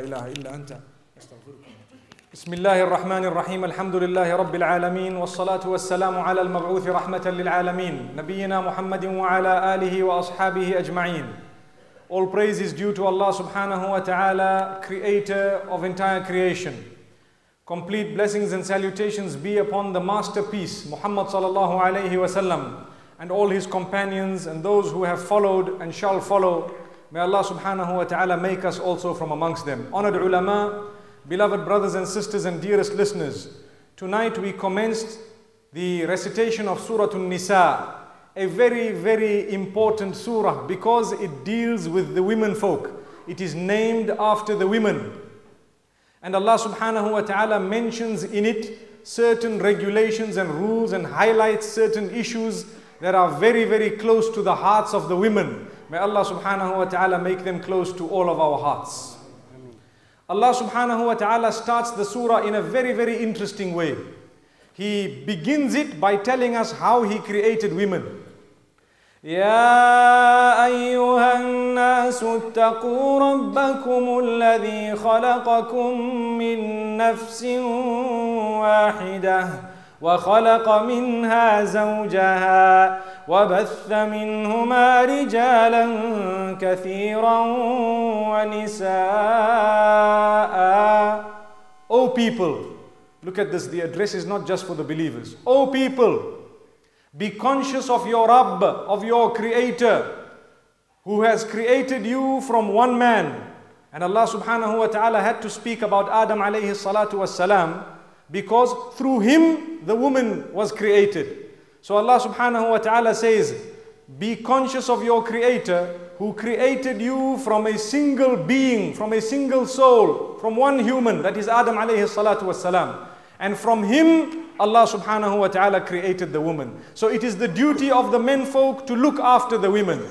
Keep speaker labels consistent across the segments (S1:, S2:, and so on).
S1: إله إلا أنت بسم الله الرحمن الرحيم الحمد لله رب العالمين والصلاة والسلام على المبعوث رحمة للعالمين نبينا محمد وعلى آله وأصحابه أجمعين All praise is due to Allah subhanahu wa ta'ala, creator of entire creation. Complete blessings and salutations be upon the masterpiece Muhammad sallallahu alayhi wa sallam and all his companions and those who have followed and shall follow May Allah subhanahu wa ta'ala make us also from amongst them. Honored ulama, beloved brothers and sisters and dearest listeners, tonight we commenced the recitation of Surah An-Nisa, a very, very important surah because it deals with the women folk. It is named after the women. And Allah subhanahu wa ta'ala mentions in it certain regulations and rules and highlights certain issues that are very, very close to the hearts of the women May Allah subhanahu wa ta'ala make them close to all of our hearts. Allah subhanahu wa ta'ala starts the surah in a very, very interesting way. He begins it by telling us how He created women. يا أيها الناس اتقوا ربكم الذي خلقكم min نفس واحده وخلق منها زوجها وبث منهما رجالا كثيرا ونساء O oh, people, look at this, the address is not just for the believers. O oh, people, be conscious of your Rabb, of your Creator, who has created you from one man. And Allah subhanahu wa ta'ala had to speak about Adam alayhi salatu was salam because through him the woman was created. So Allah subhanahu wa ta'ala says, Be conscious of your creator who created you from a single being, from a single soul, from one human, that is Adam alayhi salatu wasalam. And from him, Allah subhanahu wa ta'ala created the woman. So it is the duty of the men folk to look after the women.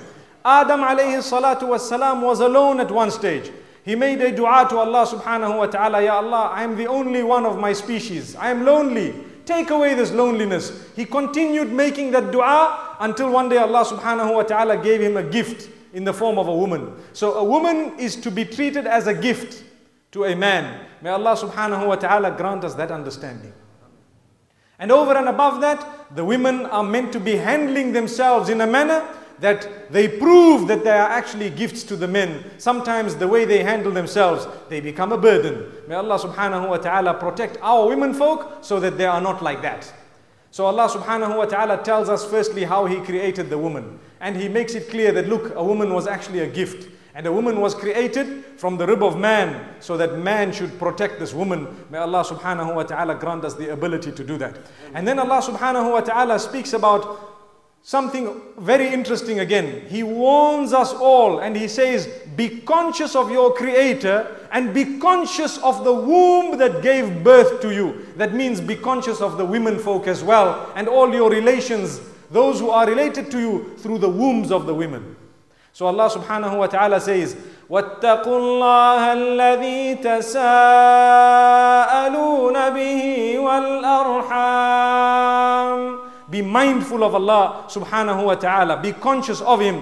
S1: Adam alayhi salatu wasalam was alone at one stage. He made a dua to Allah subhanahu wa ta'ala, Ya Allah, I am the only one of my species. I am lonely. Take away this loneliness. He continued making that dua until one day Allah subhanahu wa ta'ala gave him a gift in the form of a woman. So a woman is to be treated as a gift to a man. May Allah subhanahu wa ta'ala grant us that understanding. And over and above that, the women are meant to be handling themselves in a manner that they prove that they are actually gifts to the men. Sometimes the way they handle themselves, they become a burden. May Allah subhanahu wa ta'ala protect our women folk so that they are not like that. So Allah subhanahu wa ta'ala tells us firstly how He created the woman. And He makes it clear that look, a woman was actually a gift. And a woman was created from the rib of man so that man should protect this woman. May Allah subhanahu wa ta'ala grant us the ability to do that. And then Allah subhanahu wa ta'ala speaks about something very interesting again. He warns us all and he says, Be conscious of your Creator and be conscious of the womb that gave birth to you. That means be conscious of the women folk as well and all your relations, those who are related to you through the wombs of the women. So Allah subhanahu wa ta'ala says, وَاتَّقُوا اللَّهَ الَّذِي تَسَاءَلُونَ بِهِ وَالْأَرْحَامِ be mindful of Allah subhanahu wa ta'ala. Be conscious of Him.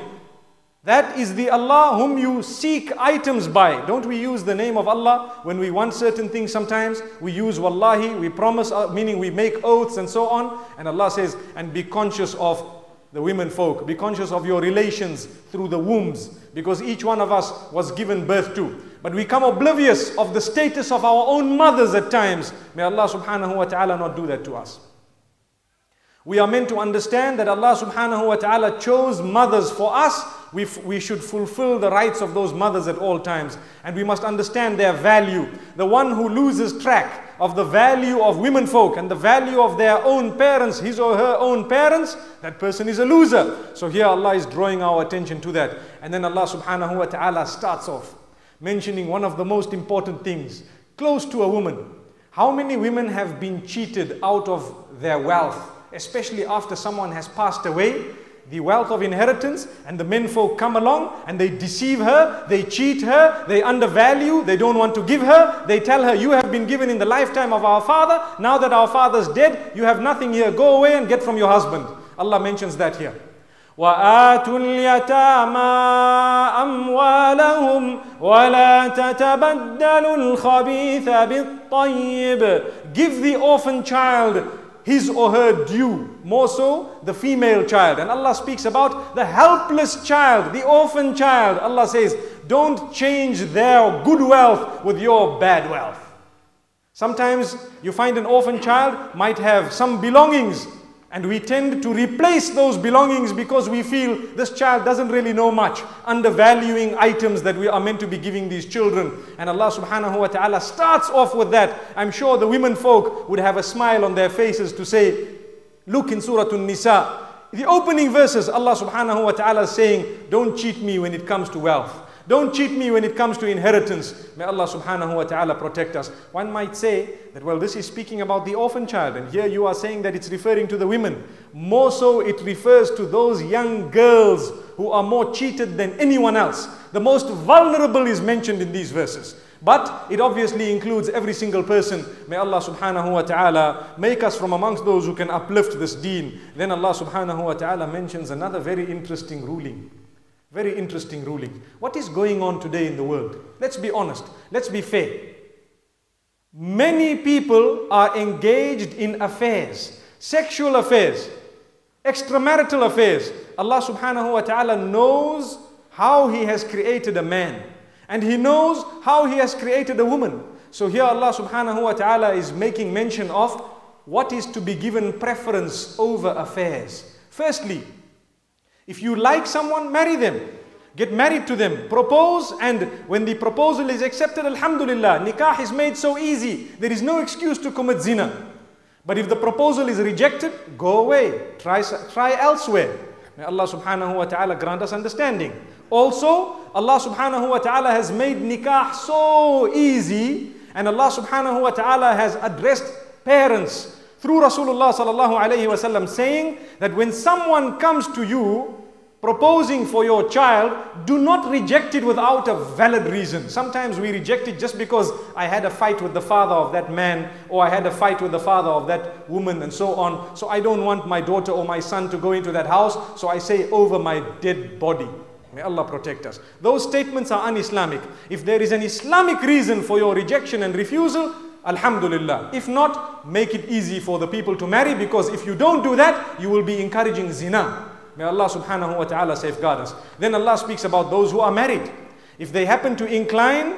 S1: That is the Allah whom you seek items by. Don't we use the name of Allah when we want certain things sometimes? We use wallahi, we promise, uh, meaning we make oaths and so on. And Allah says, and be conscious of the women folk. Be conscious of your relations through the wombs because each one of us was given birth to. But we come oblivious of the status of our own mothers at times. May Allah subhanahu wa ta'ala not do that to us. We are meant to understand that Allah subhanahu wa ta'ala chose mothers for us. We, we should fulfill the rights of those mothers at all times. And we must understand their value. The one who loses track of the value of womenfolk and the value of their own parents, his or her own parents, that person is a loser. So here Allah is drawing our attention to that. And then Allah subhanahu wa ta'ala starts off mentioning one of the most important things close to a woman. How many women have been cheated out of their wealth? especially after someone has passed away, the wealth of inheritance, and the menfolk come along and they deceive her, they cheat her, they undervalue, they don't want to give her, they tell her, You have been given in the lifetime of our father, now that our father's dead, you have nothing here, go away and get from your husband. Allah mentions that here. وآتوا اليتامى أموالهم ولا تتبدلوا الخبيث بالطيب Give the orphan child his or her due. More so, the female child. And Allah speaks about the helpless child, the orphan child. Allah says, don't change their good wealth with your bad wealth. Sometimes you find an orphan child might have some belongings and we tend to replace those belongings because we feel this child doesn't really know much, undervaluing items that we are meant to be giving these children. And Allah subhanahu wa ta'ala starts off with that. I'm sure the women folk would have a smile on their faces to say, Look in Surah An-Nisa, the opening verses, Allah subhanahu wa ta'ala is saying, Don't cheat me when it comes to wealth. Don't cheat me when it comes to inheritance. May Allah subhanahu wa ta'ala protect us. One might say that, well, this is speaking about the orphan child, and here you are saying that it's referring to the women. More so, it refers to those young girls who are more cheated than anyone else. The most vulnerable is mentioned in these verses. But it obviously includes every single person. May Allah subhanahu wa ta'ala make us from amongst those who can uplift this deen. Then Allah subhanahu wa ta'ala mentions another very interesting ruling. Very interesting ruling. What is going on today in the world? Let's be honest. Let's be fair. Many people are engaged in affairs, sexual affairs, extramarital affairs. Allah subhanahu wa ta'ala knows how He has created a man and He knows how He has created a woman. So here Allah subhanahu wa ta'ala is making mention of what is to be given preference over affairs. Firstly, if you like someone, marry them. Get married to them, propose, and when the proposal is accepted, Alhamdulillah, nikah is made so easy. There is no excuse to commit zina. But if the proposal is rejected, go away, try, try elsewhere. May Allah subhanahu wa ta'ala grant us understanding. Also, Allah subhanahu wa ta'ala has made nikah so easy, and Allah subhanahu wa ta'ala has addressed parents through Rasulullah sallallahu alayhi wasallam saying that when someone comes to you proposing for your child, do not reject it without a valid reason. Sometimes we reject it just because I had a fight with the father of that man or I had a fight with the father of that woman and so on. So I don't want my daughter or my son to go into that house. So I say over my dead body. May Allah protect us. Those statements are un-Islamic. If there is an Islamic reason for your rejection and refusal, Alhamdulillah. If not, make it easy for the people to marry because if you don't do that, you will be encouraging zina. May Allah subhanahu wa ta'ala safeguard us. Then Allah speaks about those who are married. If they happen to incline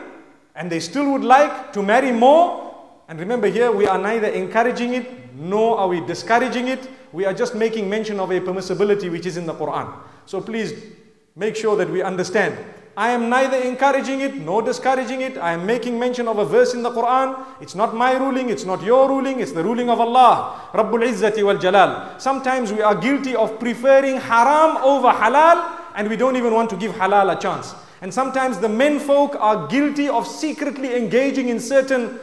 S1: and they still would like to marry more, and remember here, we are neither encouraging it nor are we discouraging it. We are just making mention of a permissibility which is in the Quran. So please make sure that we understand I am neither encouraging it nor discouraging it. I am making mention of a verse in the Quran. It's not my ruling, it's not your ruling, it's the ruling of Allah. Rabbul Izzati wal Jalal. Sometimes we are guilty of preferring haram over halal and we don't even want to give halal a chance. And sometimes the men folk are guilty of secretly engaging in certain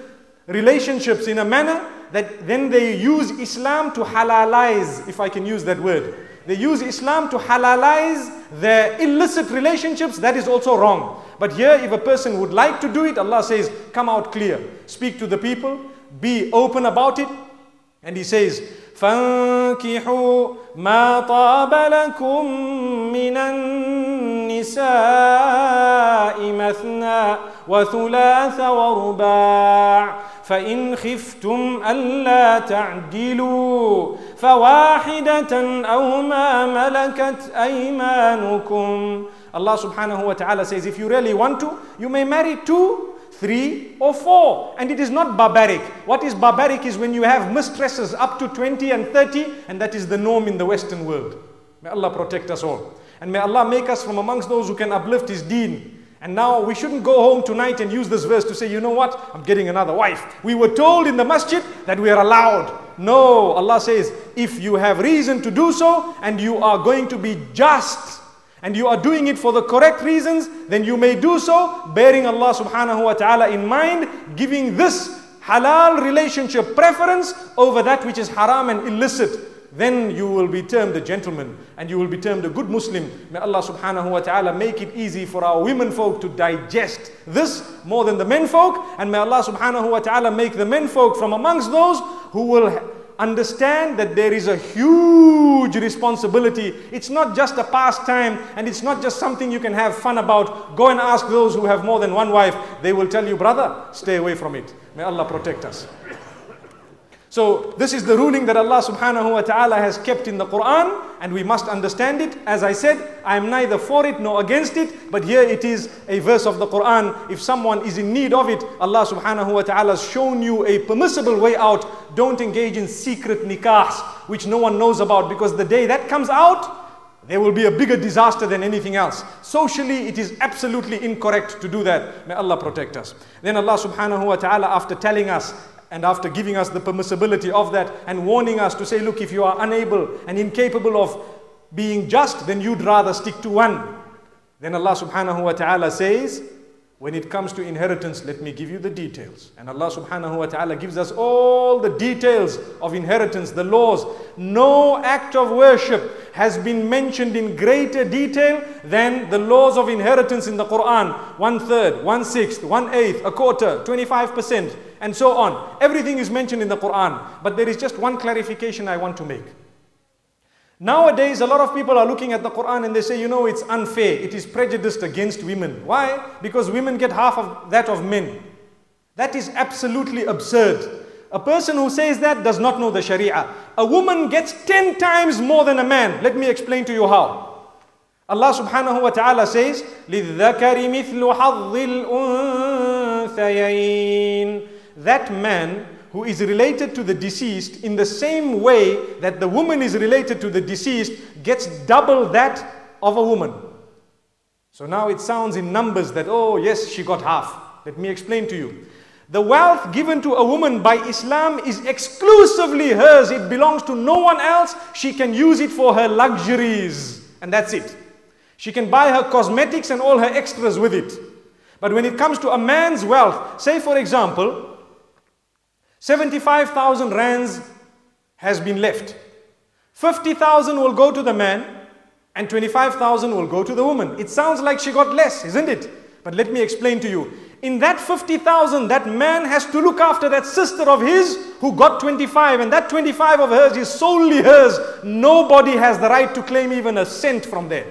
S1: relationships in a manner that then they use Islam to halalize, if I can use that word. They use Islam to halalize their illicit relationships. That is also wrong. But here, if a person would like to do it, Allah says, come out clear. Speak to the people. Be open about it. And He says, فانكحوا ما طاب لكم من النساء مثنى وثلاث ورباع فإن خفتم ألا تعدلوا فواحدة أو ما ملكت أيمانكم Allah subhanahu wa ta'ala says if you really want to you may marry two three or four and it is not barbaric what is barbaric is when you have mistresses up to 20 and 30 and that is the norm in the western world may Allah protect us all and may Allah make us from amongst those who can uplift his deen and now we shouldn't go home tonight and use this verse to say, you know what, I'm getting another wife. We were told in the masjid that we are allowed. No, Allah says, if you have reason to do so and you are going to be just and you are doing it for the correct reasons, then you may do so, bearing Allah subhanahu wa ta'ala in mind, giving this halal relationship preference over that which is haram and illicit then you will be termed a gentleman and you will be termed a good Muslim. May Allah subhanahu wa ta'ala make it easy for our women folk to digest this more than the men folk. And may Allah subhanahu wa ta'ala make the men folk from amongst those who will understand that there is a huge responsibility. It's not just a pastime and it's not just something you can have fun about. Go and ask those who have more than one wife. They will tell you, brother, stay away from it. May Allah protect us. So this is the ruling that Allah subhanahu wa ta'ala has kept in the Quran and we must understand it. As I said, I am neither for it nor against it, but here it is a verse of the Quran. If someone is in need of it, Allah subhanahu wa ta'ala has shown you a permissible way out. Don't engage in secret nikahs, which no one knows about because the day that comes out, there will be a bigger disaster than anything else. Socially, it is absolutely incorrect to do that. May Allah protect us. Then Allah subhanahu wa ta'ala, after telling us and after giving us the permissibility of that and warning us to say, look, if you are unable and incapable of being just, then you'd rather stick to one. Then Allah subhanahu wa ta'ala says, when it comes to inheritance, let me give you the details. And Allah subhanahu wa ta'ala gives us all the details of inheritance, the laws. No act of worship has been mentioned in greater detail than the laws of inheritance in the Quran. One third, one sixth, one eighth, a quarter, 25%, and so on. Everything is mentioned in the Quran. But there is just one clarification I want to make. Nowadays, a lot of people are looking at the Quran and they say, you know, it's unfair. It is prejudiced against women. Why? Because women get half of that of men. That is absolutely absurd. A person who says that does not know the Sharia. A woman gets 10 times more than a man. Let me explain to you how. Allah subhanahu wa ta'ala says, لِلذَّكَرِ مِثْلُ حَظِّ That man who is related to the deceased in the same way that the woman is related to the deceased gets double that of a woman. So now it sounds in numbers that, oh, yes, she got half. Let me explain to you. The wealth given to a woman by Islam is exclusively hers. It belongs to no one else. She can use it for her luxuries. And that's it. She can buy her cosmetics and all her extras with it. But when it comes to a man's wealth, say for example, 75,000 rands has been left. 50,000 will go to the man and 25,000 will go to the woman. It sounds like she got less, isn't it? But let me explain to you. In that 50,000, that man has to look after that sister of his who got 25 and that 25 of hers is solely hers. Nobody has the right to claim even a cent from there.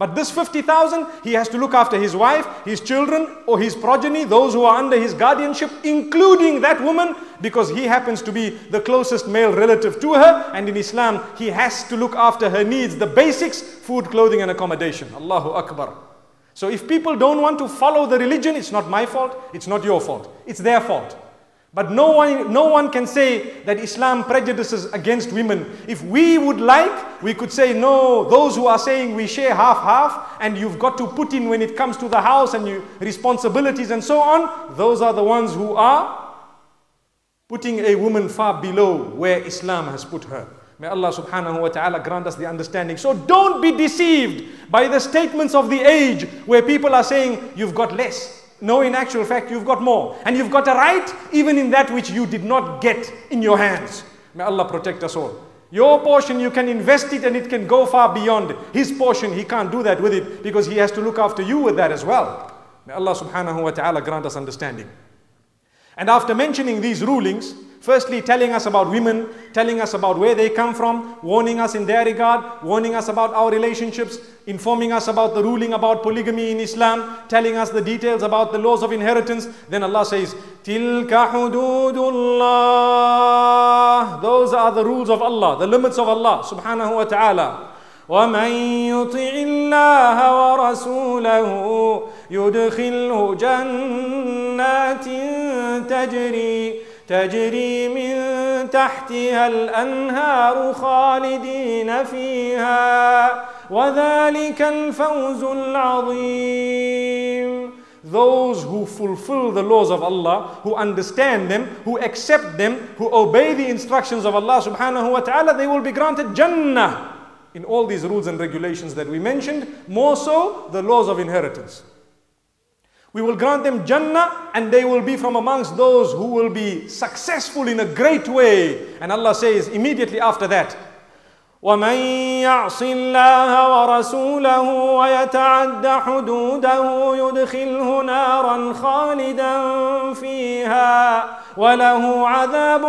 S1: But this 50,000, he has to look after his wife, his children, or his progeny, those who are under his guardianship, including that woman, because he happens to be the closest male relative to her. And in Islam, he has to look after her needs, the basics, food, clothing, and accommodation. Allahu Akbar. So if people don't want to follow the religion, it's not my fault, it's not your fault, it's their fault. But no one, no one can say that Islam prejudices against women. If we would like, we could say, no, those who are saying we share half-half and you've got to put in when it comes to the house and your responsibilities and so on, those are the ones who are putting a woman far below where Islam has put her. May Allah subhanahu wa ta'ala grant us the understanding. So don't be deceived by the statements of the age where people are saying you've got less, no, in actual fact, you've got more. And you've got a right even in that which you did not get in your hands. May Allah protect us all. Your portion, you can invest it and it can go far beyond. His portion, he can't do that with it because he has to look after you with that as well. May Allah subhanahu wa ta'ala grant us understanding. And after mentioning these rulings, Firstly, telling us about women, telling us about where they come from, warning us in their regard, warning us about our relationships, informing us about the ruling about polygamy in Islam, telling us the details about the laws of inheritance. Then Allah says, Tilka hududullah. Those are the rules of Allah, the limits of Allah subhanahu wa ta'ala. ومن يطع الله ورسوله يدخله جنات تجري تجري من تحتها الأنهار خالدين فيها وذلك الفوز العظيم Those who fulfill the laws of Allah, who understand them, who accept them, who obey the instructions of Allah subhanahu wa ta'ala, they will be granted Jannah in all these rules and regulations that we mentioned, more so the laws of inheritance. We will grant them Jannah and they will be from amongst those who will be successful in a great way. And Allah says immediately after that, ومن يعص الله ورسوله ويتعد حدوده يدخله نارا خالدا فيها وله عذاب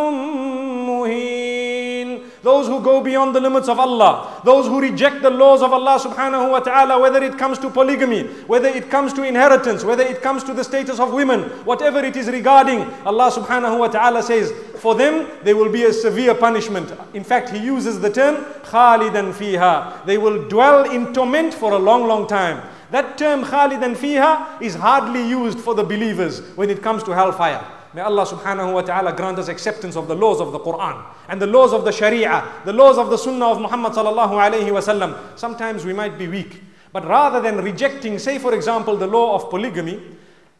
S1: مهين those who go beyond the limits of Allah, those who reject the laws of Allah subhanahu wa ta'ala, whether it comes to polygamy, whether it comes to inheritance, whether it comes to the status of women, whatever it is regarding, Allah subhanahu wa ta'ala says, for them there will be a severe punishment. In fact, he uses the term khalidan fiha. They will dwell in torment for a long, long time. That term khalidan fiha is hardly used for the believers when it comes to hellfire. May Allah subhanahu wa ta'ala grant us acceptance of the laws of the Quran and the laws of the Sharia, the laws of the Sunnah of Muhammad sallallahu alayhi wasallam. Sometimes we might be weak. But rather than rejecting, say for example, the law of polygamy,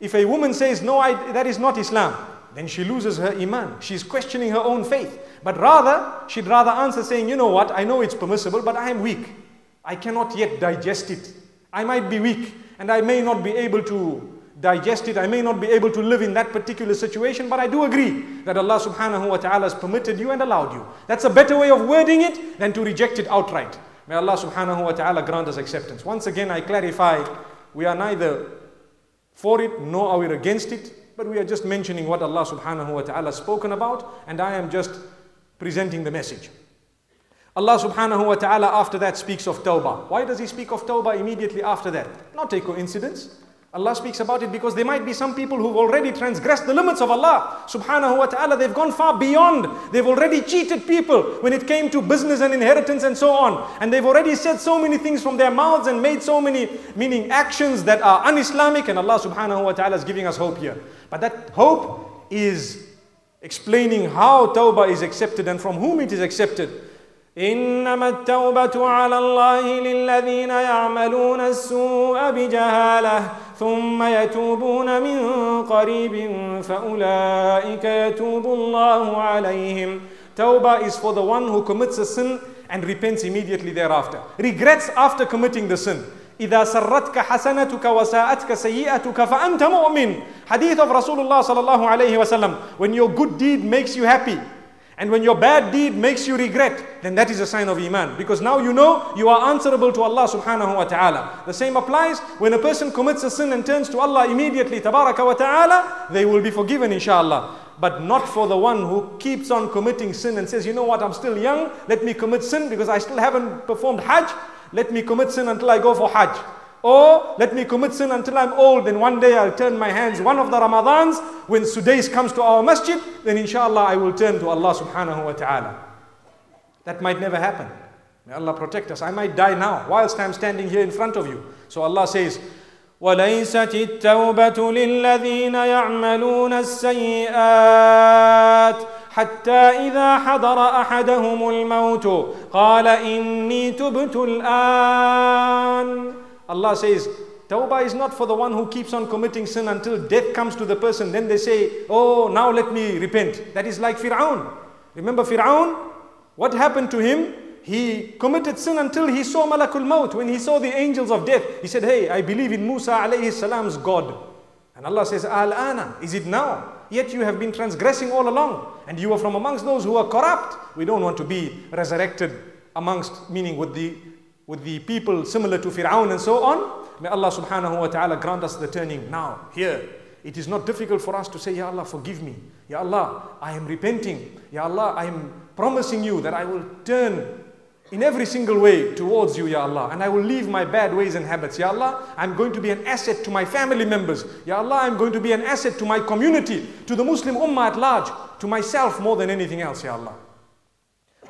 S1: if a woman says, no, I, that is not Islam, then she loses her iman. She's questioning her own faith. But rather, she'd rather answer saying, you know what, I know it's permissible, but I am weak. I cannot yet digest it. I might be weak and I may not be able to digest it. I may not be able to live in that particular situation, but I do agree that Allah subhanahu wa ta'ala has permitted you and allowed you. That's a better way of wording it than to reject it outright. May Allah subhanahu wa ta'ala grant us acceptance. Once again, I clarify, we are neither for it nor are we against it, but we are just mentioning what Allah subhanahu wa ta'ala has spoken about, and I am just presenting the message. Allah subhanahu wa ta'ala after that speaks of tawbah. Why does he speak of tawbah immediately after that? Not a coincidence. Allah speaks about it because there might be some people who've already transgressed the limits of Allah subhanahu wa ta'ala. They've gone far beyond. They've already cheated people when it came to business and inheritance and so on. And they've already said so many things from their mouths and made so many, meaning actions that are un-Islamic. And Allah subhanahu wa ta'ala is giving us hope here. But that hope is explaining how tawbah is accepted and from whom it is accepted. إنما التوبة على الله للذين يعملون السوء بجهاله ثم يتوبون من قريب فأولئك يتوب الله عليهم Tawbah is for the one who commits a sin and repents immediately thereafter. Regrets after committing the sin. إذا سرتك حسنتك وساءتك سيئتك فأنت مؤمن. حديث of الله صلى الله عليه وسلم. When your good deed makes you happy, and when your bad deed makes you regret, then that is a sign of Iman. Because now you know you are answerable to Allah subhanahu wa ta'ala. The same applies when a person commits a sin and turns to Allah immediately, tabaraka wa ta'ala, they will be forgiven inshallah. But not for the one who keeps on committing sin and says, you know what, I'm still young, let me commit sin because I still haven't performed Hajj, let me commit sin until I go for Hajj. Or let me commit sin until I'm old, then one day I'll turn my hands. One of the Ramadans, when Sudais comes to our masjid, then inshallah I will turn to Allah subhanahu wa ta'ala. That might never happen. May Allah protect us. I might die now whilst I'm standing here in front of you. So Allah says, وليست التوبة للذين يعملون السيئات حتى إذا حضر أحدهم الموت قال إني تبت الآن Allah says, Tawbah is not for the one who keeps on committing sin until death comes to the person. Then they say, Oh, now let me repent. That is like Fir'aun. Remember Fir'aun? What happened to him? He committed sin until he saw Malakul Maut. When he saw the angels of death, he said, Hey, I believe in Musa alayhi salam's God. And Allah says, Al-ana, is it now? Yet you have been transgressing all along. And you are from amongst those who are corrupt. We don't want to be resurrected amongst, meaning with the with the people similar to Fir'aun and so on. May Allah subhanahu wa ta'ala grant us the turning now, here. It is not difficult for us to say, Ya Allah, forgive me. Ya Allah, I am repenting. Ya Allah, I am promising you that I will turn in every single way towards you, Ya Allah. And I will leave my bad ways and habits. Ya Allah, I'm going to be an asset to my family members. Ya Allah, I'm going to be an asset to my community, to the Muslim Ummah at large, to myself more than anything else, Ya Allah.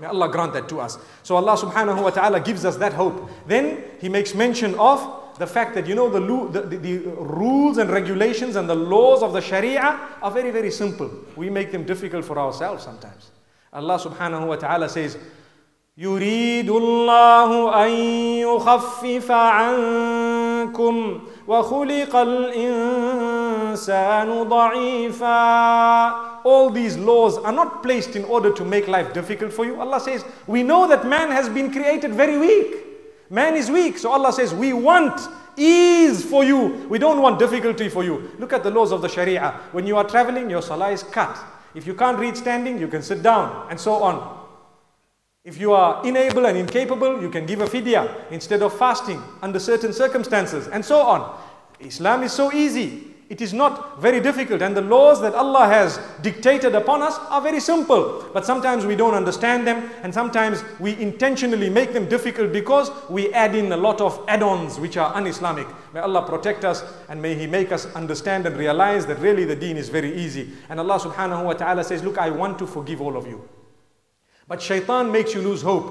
S1: May Allah grant that to us. So Allah subhanahu wa ta'ala gives us that hope. Then He makes mention of the fact that you know the, the, the, rules and regulations and the laws of the sharia are very very simple we make them difficult for ourselves sometimes allah subhanahu wa ta'ala says يريد الله أن يخفف عنكم وَخُلِقَ الْإِنسَانُ ضَعِيفًا All these laws are not placed in order to make life difficult for you. Allah says, we know that man has been created very weak. Man is weak. So Allah says, we want ease for you. We don't want difficulty for you. Look at the laws of the Sharia. When you are traveling, your salah is cut. If you can't read standing, you can sit down and so on. If you are unable and incapable, you can give a fidya instead of fasting under certain circumstances and so on. Islam is so easy. It is not very difficult and the laws that Allah has dictated upon us are very simple. But sometimes we don't understand them and sometimes we intentionally make them difficult because we add in a lot of add-ons which are un-Islamic. May Allah protect us and may He make us understand and realize that really the deen is very easy. And Allah subhanahu wa ta'ala says, look, I want to forgive all of you. But shaitan makes you lose hope.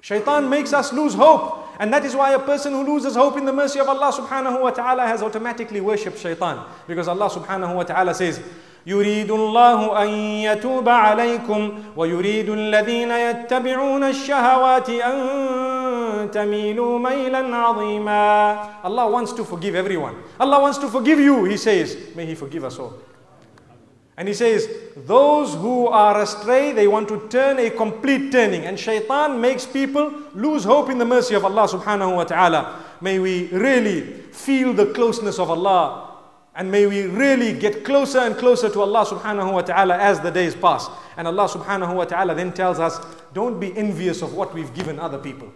S1: Shaitan makes us lose hope. And that is why a person who loses hope in the mercy of Allah subhanahu wa ta'ala has automatically worshipped shaitan. Because Allah subhanahu wa ta'ala says, يريد الله أن يتوب عليكم ويريد الذين يتبعون الشهوات أن تميلوا ميلا عظيما Allah wants to forgive everyone. Allah wants to forgive you, He says. May He forgive us all. And he says, those who are astray, they want to turn a complete turning. And shaitan makes people lose hope in the mercy of Allah subhanahu wa ta'ala. May we really feel the closeness of Allah. And may we really get closer and closer to Allah subhanahu wa ta'ala as the days pass. And Allah subhanahu wa ta'ala then tells us, don't be envious of what we've given other people.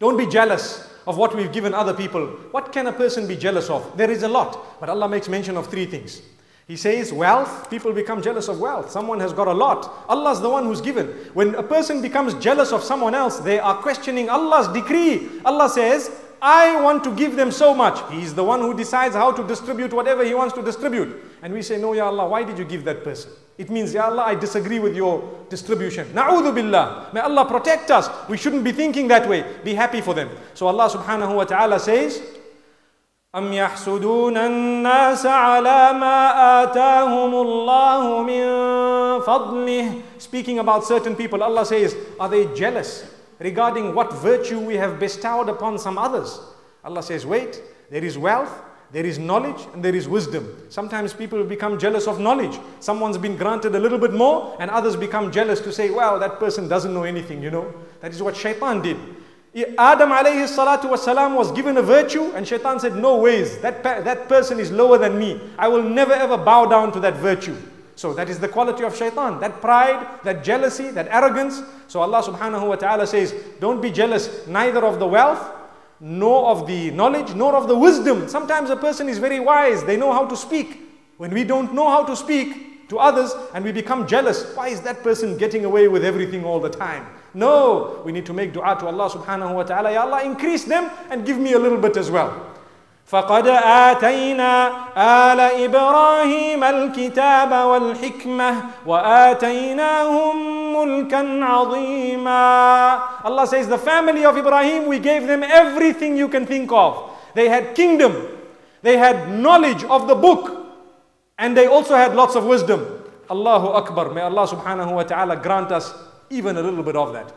S1: Don't be jealous of what we've given other people. What can a person be jealous of? There is a lot. But Allah makes mention of three things. He says, wealth, people become jealous of wealth. Someone has got a lot. Allah's the one who's given. When a person becomes jealous of someone else, they are questioning Allah's decree. Allah says, I want to give them so much. He's the one who decides how to distribute whatever he wants to distribute. And we say, no, Ya Allah, why did you give that person? It means, Ya Allah, I disagree with your distribution. Na'udhu billah. May Allah protect us. We shouldn't be thinking that way. Be happy for them. So Allah subhanahu wa ta'ala says, أم يحسدون الناس على ما آتاهم الله من فضله Speaking about certain people, Allah says, are they jealous regarding what virtue we have bestowed upon some others? Allah says, wait, there is wealth, there is knowledge, and there is wisdom. Sometimes people become jealous of knowledge. Someone's been granted a little bit more, and others become jealous to say, well, that person doesn't know anything, you know. That is what shaitan did. Adam alayhi salatu wasalam was given a virtue and shaitan said, no ways, that, that person is lower than me. I will never ever bow down to that virtue. So that is the quality of shaitan, that pride, that jealousy, that arrogance. So Allah subhanahu wa ta'ala says, don't be jealous neither of the wealth, nor of the knowledge, nor of the wisdom. Sometimes a person is very wise, they know how to speak. When we don't know how to speak to others and we become jealous, why is that person getting away with everything all the time? No, we need to make dua to Allah subhanahu wa ta'ala. Ya Allah, increase them and give me a little bit as well. فقد آتينا آل إبراهيم الكتاب والحكمة وآتيناهم ملكا عظيما Allah says the family of Ibrahim we gave them everything you can think of they had kingdom they had knowledge of the book and they also had lots of wisdom Allahu Akbar may Allah subhanahu wa ta'ala grant us even a little bit of that.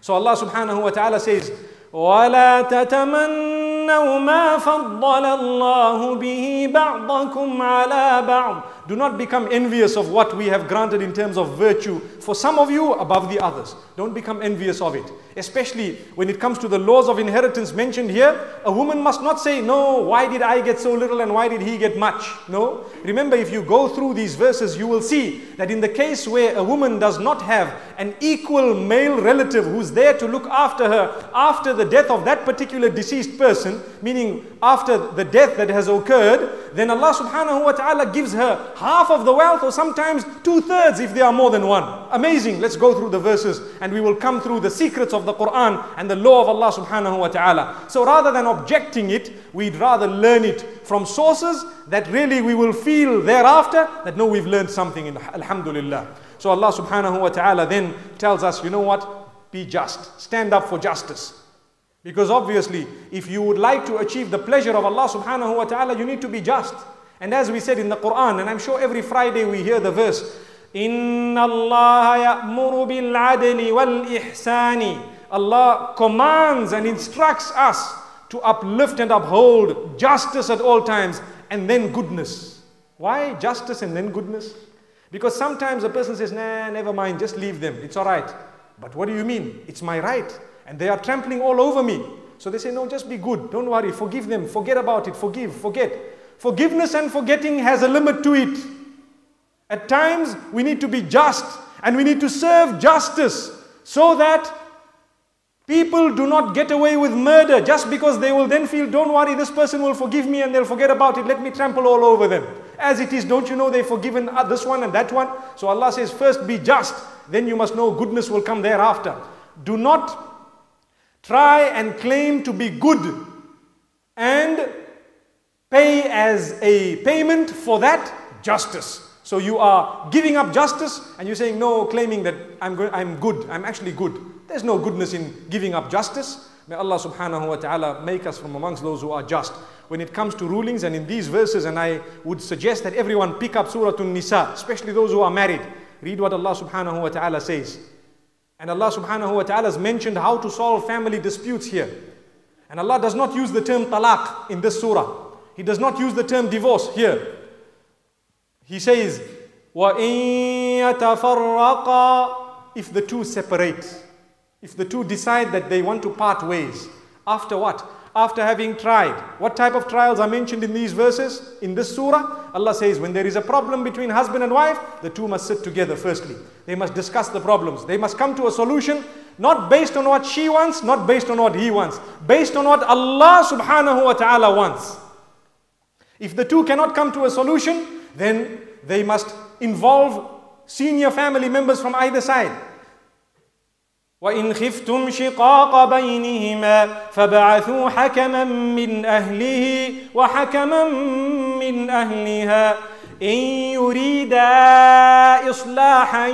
S1: So Allah subhanahu wa ta'ala says, وَلَا تَتَمَنَّوْا مَا فَضَّلَ اللَّهُ بِهِ بَعْضَكُمْ عَلَى بَعْضٍ do not become envious of what we have granted in terms of virtue, for some of you above the others. Don't become envious of it. Especially when it comes to the laws of inheritance mentioned here, a woman must not say, No, why did I get so little and why did he get much? No. Remember, if you go through these verses, you will see that in the case where a woman does not have an equal male relative who's there to look after her after the death of that particular deceased person, meaning after the death that has occurred, then Allah subhanahu wa ta'ala gives her half of the wealth or sometimes two thirds if there are more than one. Amazing. Let's go through the verses and we will come through the secrets of the Quran and the law of Allah subhanahu wa ta'ala. So rather than objecting it, we'd rather learn it from sources that really we will feel thereafter that no, we've learned something in Alhamdulillah. So Allah subhanahu wa ta'ala then tells us, you know what? Be just. Stand up for justice. Because obviously, if you would like to achieve the pleasure of Allah subhanahu wa ta'ala, you need to be just. And as we said in the Quran, and I'm sure every Friday we hear the verse, إِنَّ اللَّهَ يَأْمُرُ بِالْعَدْلِ وَالْإِحْسَانِ Allah commands and instructs us to uplift and uphold justice at all times and then goodness. Why justice and then goodness? Because sometimes a person says, nah, never mind, just leave them, it's all right. But what do you mean? It's my right. And they are trampling all over me. So they say, no, just be good, don't worry, forgive them, forget about it, forgive, forget. Forgiveness and forgetting has a limit to it. At times, we need to be just and we need to serve justice so that people do not get away with murder just because they will then feel, don't worry, this person will forgive me and they'll forget about it. Let me trample all over them. As it is, don't you know they've forgiven uh, this one and that one? So Allah says, first be just, then you must know goodness will come thereafter. Do not try and claim to be good and Pay as a payment for that justice. So you are giving up justice and you're saying, no, claiming that I'm, go I'm good, I'm actually good. There's no goodness in giving up justice. May Allah subhanahu wa ta'ala make us from amongst those who are just. When it comes to rulings and in these verses, and I would suggest that everyone pick up Surah An-Nisa, especially those who are married. Read what Allah subhanahu wa ta'ala says. And Allah subhanahu wa ta'ala has mentioned how to solve family disputes here. And Allah does not use the term talaq in this surah. He does not use the term divorce here. He says, If the two separate, if the two decide that they want to part ways, after what? After having tried. What type of trials are mentioned in these verses? In this surah, Allah says, when there is a problem between husband and wife, the two must sit together firstly. They must discuss the problems. They must come to a solution not based on what she wants, not based on what he wants, based on what Allah subhanahu wa ta'ala wants. If the two cannot come to a solution, then they must involve senior family members from either side. وإن خفتم شقاق بينهما فبعثوا حكما من أهله وحكما من أهلها إن يريدا إصلاحا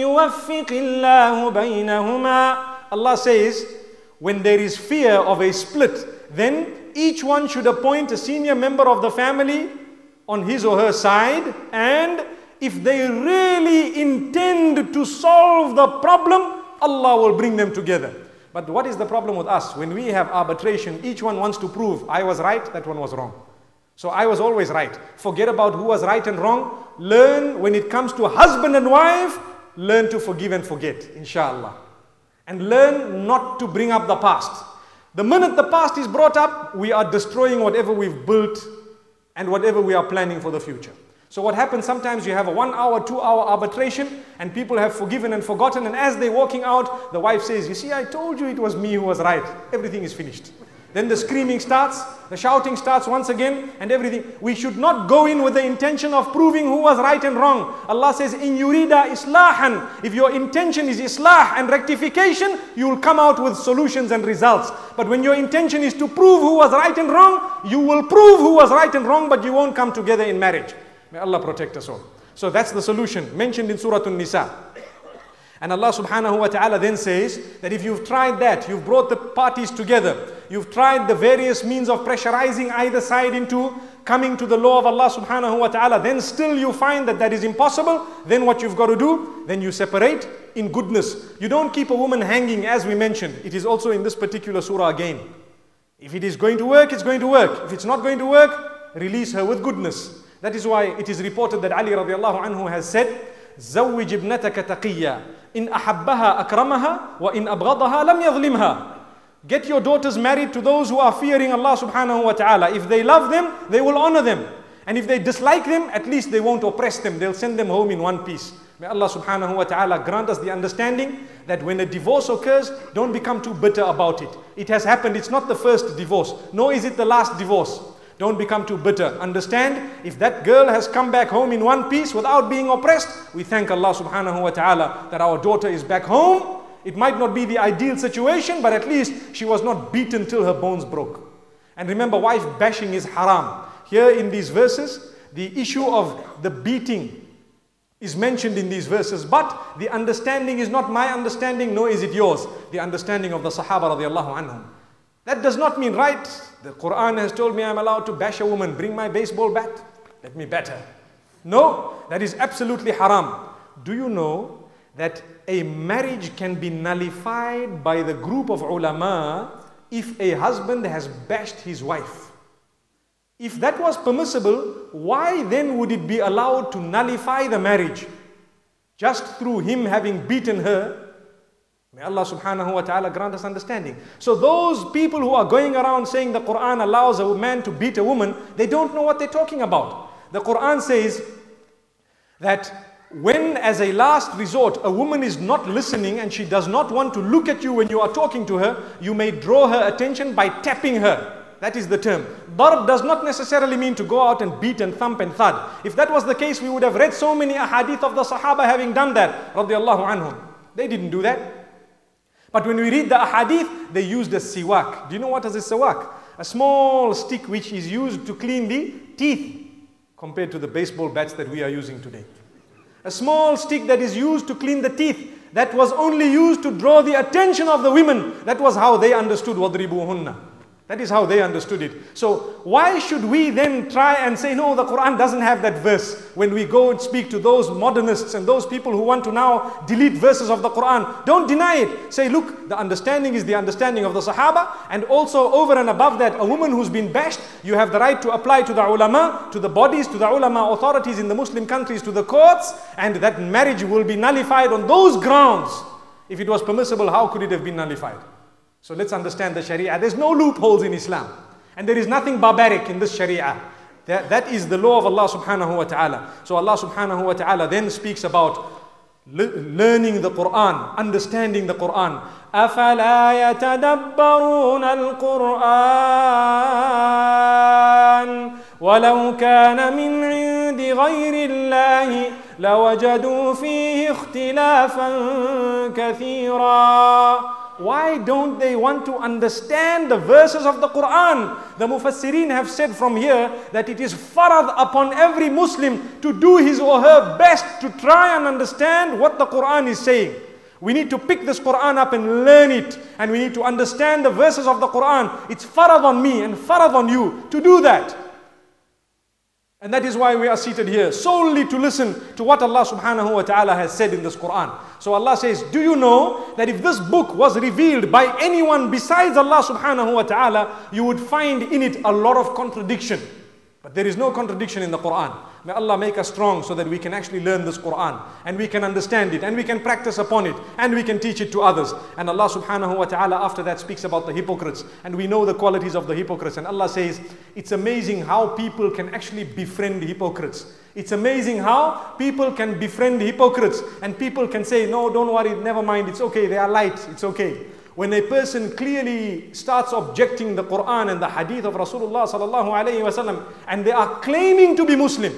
S1: يوفق الله بينهما Allah says when there is fear of a split then each one should appoint a senior member of the family on his or her side and if they really intend to solve the problem, Allah will bring them together. But what is the problem with us? When we have arbitration, each one wants to prove I was right, that one was wrong. So I was always right. Forget about who was right and wrong. Learn when it comes to husband and wife, learn to forgive and forget, inshallah. And learn not to bring up the past. The minute the past is brought up, we are destroying whatever we've built and whatever we are planning for the future. So what happens sometimes you have a one hour, two hour arbitration and people have forgiven and forgotten and as they're walking out, the wife says, you see, I told you it was me who was right. Everything is finished. Then the screaming starts, the shouting starts once again and everything. We should not go in with the intention of proving who was right and wrong. Allah says, in yurida islahan, if your intention is islah and rectification, you will come out with solutions and results. But when your intention is to prove who was right and wrong, you will prove who was right and wrong, but you won't come together in marriage. May Allah protect us all. So that's the solution mentioned in Surah An-Nisa. And Allah subhanahu wa ta'ala then says that if you've tried that, you've brought the parties together, You've tried the various means of pressurizing either side into coming to the law of Allah subhanahu wa ta'ala. Then still you find that that is impossible. Then what you've got to do? Then you separate in goodness. You don't keep a woman hanging as we mentioned. It is also in this particular surah again. If it is going to work, it's going to work. If it's not going to work, release her with goodness. That is why it is reported that Ali radiallahu anhu has said, زوج ابنتك تقيا إن أحبها أكرمها وإن أبغضها لم يظلمها Get your daughters married to those who are fearing Allah subhanahu wa ta'ala. If they love them, they will honor them. And if they dislike them, at least they won't oppress them. They'll send them home in one piece. May Allah subhanahu wa ta'ala grant us the understanding that when a divorce occurs, don't become too bitter about it. It has happened. It's not the first divorce, nor is it the last divorce. Don't become too bitter. Understand, if that girl has come back home in one piece without being oppressed, we thank Allah subhanahu wa ta'ala that our daughter is back home it might not be the ideal situation, but at least she was not beaten till her bones broke. And remember, wife bashing is haram. Here in these verses, the issue of the beating is mentioned in these verses, but the understanding is not my understanding, nor is it yours. The understanding of the Sahaba radiallahu anhum. That does not mean, right, the Quran has told me I'm allowed to bash a woman, bring my baseball bat, let me bat her. No, that is absolutely haram. Do you know that a marriage can be nullified by the group of ulama if a husband has bashed his wife. If that was permissible, why then would it be allowed to nullify the marriage? Just through him having beaten her. May Allah subhanahu wa ta'ala grant us understanding. So those people who are going around saying the Quran allows a man to beat a woman, they don't know what they're talking about. The Quran says that when, as a last resort, a woman is not listening and she does not want to look at you when you are talking to her, you may draw her attention by tapping her. That is the term. Darb does not necessarily mean to go out and beat and thump and thud. If that was the case, we would have read so many ahadith of the Sahaba having done that. anhum. They didn't do that. But when we read the ahadith, they used a siwak. Do you know what is a siwak? A small stick which is used to clean the teeth compared to the baseball bats that we are using today a small stick that is used to clean the teeth that was only used to draw the attention of the women. That was how they understood وَضْرِبُوهُنَّ that is how they understood it. So why should we then try and say, no, the Quran doesn't have that verse when we go and speak to those modernists and those people who want to now delete verses of the Quran. Don't deny it. Say, look, the understanding is the understanding of the Sahaba. And also over and above that, a woman who's been bashed, you have the right to apply to the ulama, to the bodies, to the ulama authorities in the Muslim countries, to the courts, and that marriage will be nullified on those grounds. If it was permissible, how could it have been nullified? So let's understand the Sharia. There's no loopholes in Islam. And there is nothing barbaric in this Sharia. That, that is the law of Allah subhanahu wa ta'ala. So Allah subhanahu wa ta'ala then speaks about learning the Quran, understanding the Quran. أَفَلَا يَتَدَبَّرُونَ الْقُرْآنَ وَلَوْ كَانَ مِنْ عِنْدِ غَيْرِ اللَّهِ لَوَجَدُوا فِيهِ اخْتِلَافًا كَثِيرًا why don't they want to understand the verses of the Quran? The Mufassirin have said from here that it is farad upon every Muslim to do his or her best to try and understand what the Quran is saying. We need to pick this Quran up and learn it. And we need to understand the verses of the Quran. It's farad on me and farad on you to do that. And that is why we are seated here, solely to listen to what Allah subhanahu wa ta'ala has said in this Quran. So Allah says, Do you know that if this book was revealed by anyone besides Allah subhanahu wa ta'ala, you would find in it a lot of contradiction. But there is no contradiction in the Quran. May Allah make us strong so that we can actually learn this Quran and we can understand it and we can practice upon it and we can teach it to others. And Allah subhanahu wa ta'ala after that speaks about the hypocrites and we know the qualities of the hypocrites. And Allah says, It's amazing how people can actually befriend hypocrites. It's amazing how people can befriend hypocrites and people can say, No, don't worry, never mind, it's okay, they are light, it's okay when a person clearly starts objecting the Quran and the hadith of Rasulullah sallallahu alayhi wasallam and they are claiming to be Muslim.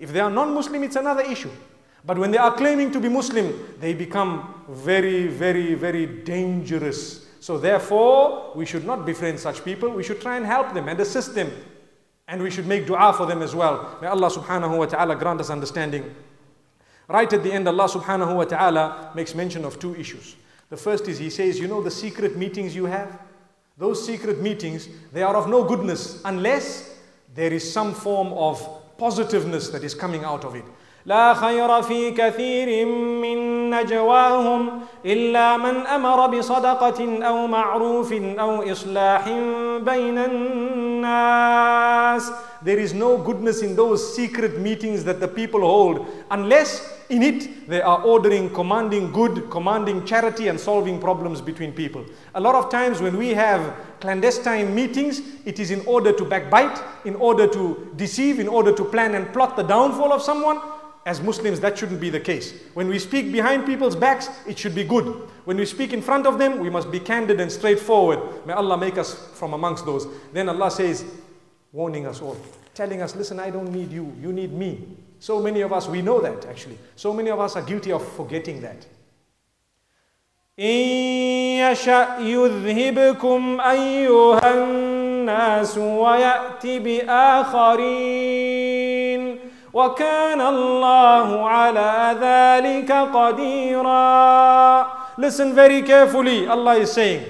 S1: If they are non-Muslim, it's another issue. But when they are claiming to be Muslim, they become very, very, very dangerous. So therefore, we should not befriend such people. We should try and help them and assist them. And we should make dua for them as well. May Allah subhanahu wa ta'ala grant us understanding. Right at the end, Allah subhanahu wa ta'ala makes mention of two issues. The first is he says, you know the secret meetings you have? Those secret meetings, they are of no goodness unless there is some form of positiveness that is coming out of it. لا خير في كثير من نجواهم إلا من أمر بصدقة أو معروف أو إصلاح بين الناس There is no goodness in those secret meetings that the people hold unless in it they are ordering, commanding good, commanding charity and solving problems between people. A lot of times when we have clandestine meetings, it is in order to backbite, in order to deceive, in order to plan and plot the downfall of someone As Muslims, that shouldn't be the case. When we speak behind people's backs, it should be good. When we speak in front of them, we must be candid and straightforward. May Allah make us from amongst those. Then Allah says, warning us all, telling us, listen, I don't need you, you need me. So many of us, we know that actually. So many of us are guilty of forgetting that. يذهبكم أيها الناس ويأتي بآخرين وكان الله على ذلك قديرا Listen very carefully, Allah is saying,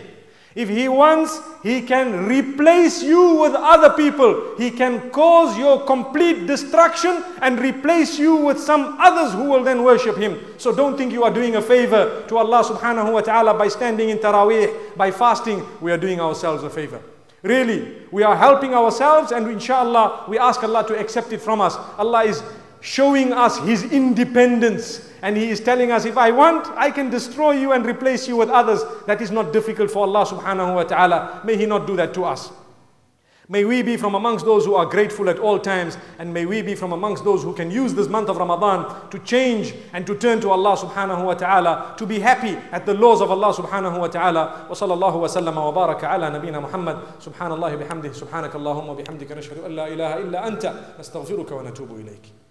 S1: if He wants, He can replace you with other people. He can cause your complete destruction and replace you with some others who will then worship Him. So don't think you are doing a favor to Allah subhanahu wa ta'ala by standing in Taraweeh, by fasting. We are doing ourselves a favor. Really, we are helping ourselves and inshallah, we ask Allah to accept it from us. Allah is showing us His independence and He is telling us, if I want, I can destroy you and replace you with others. That is not difficult for Allah subhanahu wa ta'ala. May He not do that to us. May we be from amongst those who are grateful at all times and may we be from amongst those who can use this month of Ramadan to change and to turn to Allah subhanahu wa ta'ala to be happy at the laws of Allah subhanahu wa ta'ala wa sallallahu wa sallama wa baraka ala nabina Muhammad Subhanallah bihamdihi subhanakallahumma bihamdika nashhadu an la ilaha illa anta nastaghfiruka wa natubu ilayk